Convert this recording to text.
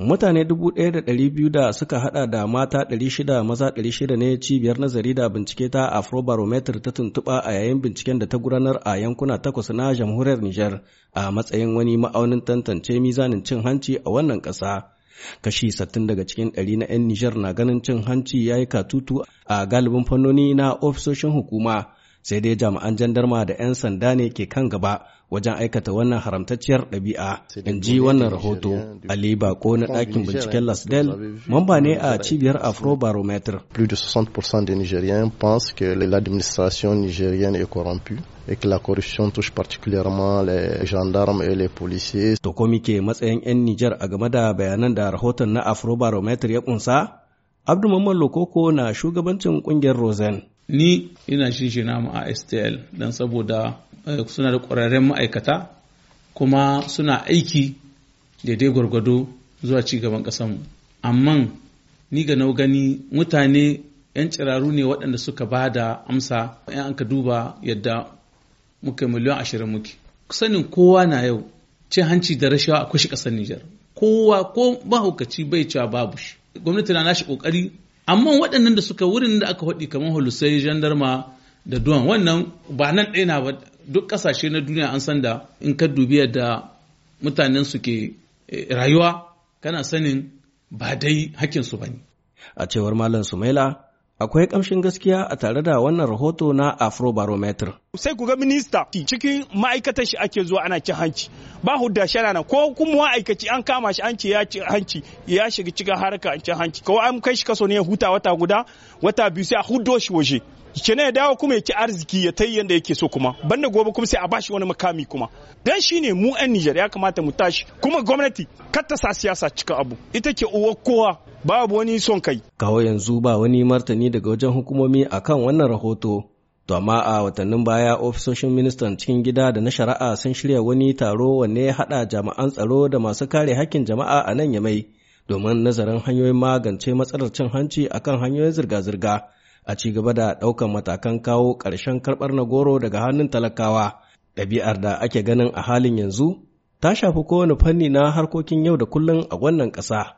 Mutane 1,200 da suka hada da mata 600 maza 600 ne cibiyar nazari da bincike ta Afrobarometer ta tuntuɓa a yayin binciken da ta gudanar a yankuna takwas na jamhuriyar Nijar a matsayin wani ma'aunin tantance mizanin cin hanci a wannan ƙasa. Kashi 60 daga cikin 100 na 'yan Nijar na ganin cin hanci ya yi katutu a galibin fannoni na ofisoshin hukuma. sai dai jami'an jandarma da 'yan sanda ne ke kan gaba wajen aikata wannan haramtacciyar ɗabi'a in ji wannan rahoto ali bako na ɗakin binciken lasdel mamba ne a cibiyar afrobarometer plus de 60% des nigériens pensent que l'administration nigérienne est corrompue et que la corruption touche particulièrement les gendarmes et les policiers to ke matsayin 'yan nijar a game da bayanan da rahoton na afrobarometer ya kunsa abdu mamman lokoko na shugabancin kungiyar rosen ni ina shi mu a stl don saboda eh, suna da ƙwararren ma'aikata kuma suna aiki daidai gwargwado zuwa ci gaban ƙasanmu amma ni ga gani mutane 'yan tsiraru ne waɗanda suka ba da amsa 'yan an ka duba yadda muka miliyan ashirin muke sanin kowa na yau cin hanci da rashawa a shi ƙasar Nijar kowa ko mahaukaci bai cewa babu shi gwamnati na nashi ƙoƙari amma waɗannan da suka wurin da aka haɗi kamar holusai jandarma da duwan wannan ba nan ɗaya na ba duk ƙasashe na duniya an san da in ka dubi da mutanen su ke eh, rayuwa kana sanin ba dai hakkin su bane a cewar malam sumaila akwai kamshin gaskiya a tare da wannan rahoto na afrobarometer sai ku ga minista cikin ma'aikatar shi ake zuwa ana cin hanci ba hudda shana nan ko kuma ma'aikaci an kama shi an ce ya ci hanci ya shiga cikin harka an cin hanci kawai an kai shi kaso ne ya huta wata guda wata biyu sai a huddo shi waje kenan ya dawo kuma ya ci arziki ya tayi yanda yake so kuma banda gobe kuma sai a bashi wani makami kuma dan shi ne mu yan Nijar ya kamata mu tashi kuma gwamnati kar ta sa siyasa cika abu ita ke uwar kowa babu wani son kai kawo yanzu ba wani martani daga wajen hukumomi a kan wannan rahoto to amma a watannin baya ofisoshin ministan cikin gida da na shari'a sun shirya wani taro wanne ya haɗa jami'an tsaro da masu kare hakkin jama'a a nan ya mai, domin nazarin hanyoyin magance matsalar cin hanci akan hanyoyin zirga-zirga a ci gaba da ɗaukan matakan kawo ƙarshen karɓar na goro daga hannun talakawa ɗabi'ar da ake ganin a halin yanzu ta shafi kowane fanni na harkokin yau da kullum a wannan ƙasa.